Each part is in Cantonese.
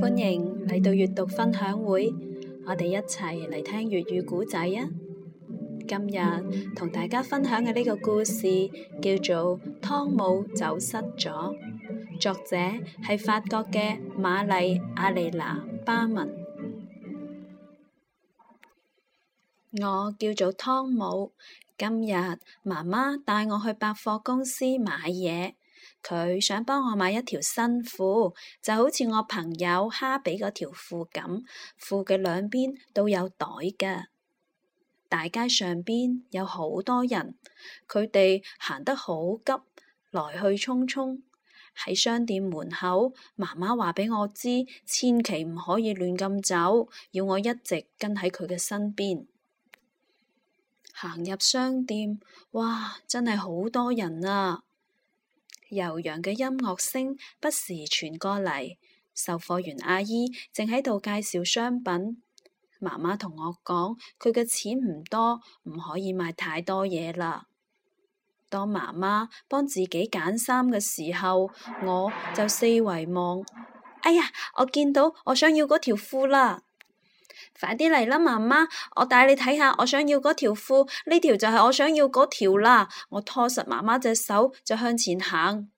歡迎嚟到閱讀分享會，我哋一齊嚟聽粵語古仔啊！今日同大家分享嘅呢個故事叫做《湯姆走失咗》，作者係法國嘅瑪麗阿麗娜巴文。我叫做湯姆，今日媽媽帶我去百貨公司買嘢。佢想幫我買一條新褲，就好似我朋友哈比嗰條褲咁，褲嘅兩邊都有袋嘅。大街上邊有好多人，佢哋行得好急，來去匆匆。喺商店門口，媽媽話俾我知，千祈唔可以亂咁走，要我一直跟喺佢嘅身邊。行入商店，哇，真係好多人啊！悠揚嘅音樂聲不時傳過嚟，售貨員阿姨正喺度介紹商品。媽媽同我講，佢嘅錢唔多，唔可以買太多嘢啦。當媽媽幫自己揀衫嘅時候，我就四圍望。哎呀，我見到我想要嗰條褲啦！快啲嚟啦，媽媽！我帶你睇下我想要嗰條褲，呢條就係我想要嗰條啦。我拖實媽媽隻手就向前行。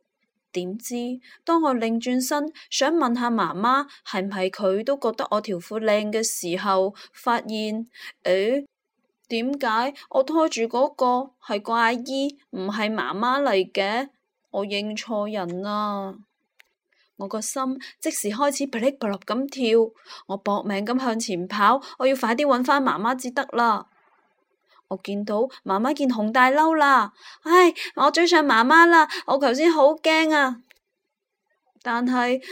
點知當我擰轉身想問下媽媽係唔係佢都覺得我條褲靚嘅時候，發現誒，點解我拖住嗰個係個阿姨，唔係媽媽嚟嘅？我認錯人啦！我個心即時開始噼里啪啦咁跳，我搏命咁向前跑，我要快啲搵返媽媽至得啦！我見到媽媽件紅大褸啦，唉，我追上媽媽啦，我頭先好驚啊！但係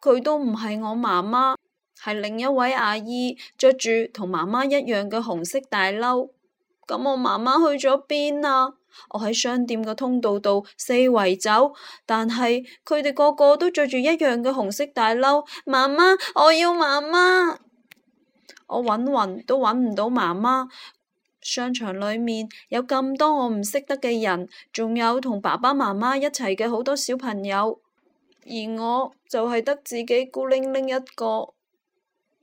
佢都唔係我媽媽，係另一位阿姨，着住同媽媽一樣嘅紅色大褸。咁我媽媽去咗邊啊？我喺商店嘅通道度四圍走，但係佢哋個個都着住一樣嘅紅色大褸。媽媽，我要媽媽！我搵勻都搵唔到媽媽。商場裏面有咁多我唔識得嘅人，仲有同爸爸媽媽一齊嘅好多小朋友，而我就係得自己孤零零一個。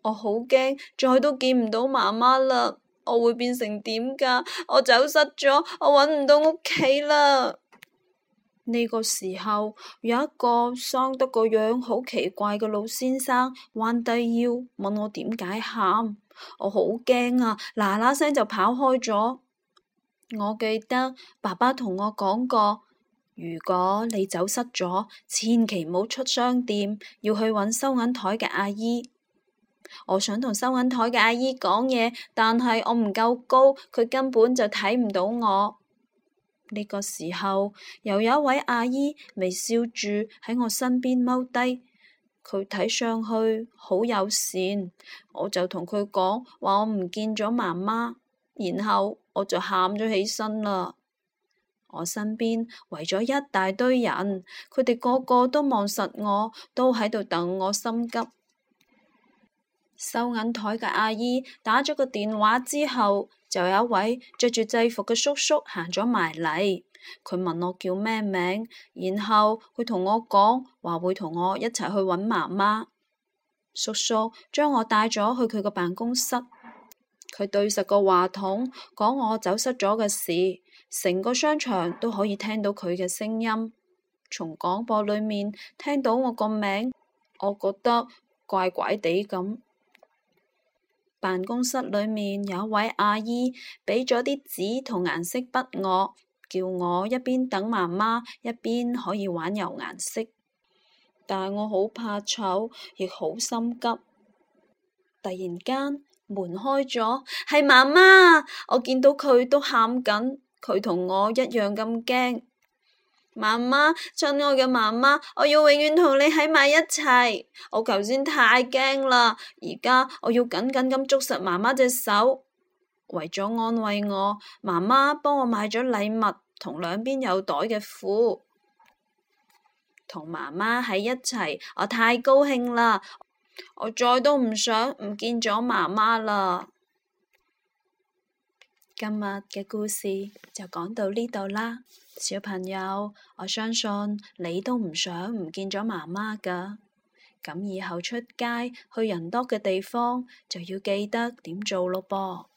我好驚，再都見唔到媽媽啦！我會變成點噶？我走失咗，我揾唔到屋企啦！呢個時候，有一個生得個樣好奇怪嘅老先生彎低腰問我點解喊，我好驚啊！嗱嗱聲就跑開咗。我記得爸爸同我講過，如果你走失咗，千祈唔好出商店，要去揾收銀台嘅阿姨。我想同收銀台嘅阿姨講嘢，但係我唔夠高，佢根本就睇唔到我。呢個時候，又有一位阿姨微笑住喺我身邊踎低，佢睇上去好友善。我就同佢講話我唔見咗媽媽，然後我就喊咗起身啦。我身邊圍咗一大堆人，佢哋個個都望實我，都喺度等我心急。收銀台嘅阿姨打咗個電話之後，就有一位着住制服嘅叔叔行咗埋嚟。佢問我叫咩名，然後佢同我講話會同我一齊去揾媽媽。叔叔將我帶咗去佢個辦公室，佢對實個話筒講我走失咗嘅事，成個商場都可以聽到佢嘅聲音，從廣播裏面聽到我個名，我覺得怪怪地咁。辦公室裏面有位阿姨俾咗啲紙同顏色筆我，叫我一邊等媽媽，一邊可以玩油顏色。但我好怕醜，亦好心急。突然間門開咗，係媽媽，我見到佢都喊緊，佢同我一樣咁驚。媽媽，親愛嘅媽媽，我要永遠同你喺埋一齊。我頭先太驚啦，而家我要緊緊咁捉實媽媽隻手。為咗安慰我，媽媽幫我買咗禮物同兩邊有袋嘅褲，同媽媽喺一齊，我太高興啦！我再都唔想唔見咗媽媽啦。今日嘅故事就講到呢度啦，小朋友，我相信你都唔想唔見咗媽媽㗎，咁以後出街去人多嘅地方就要記得點做咯噃。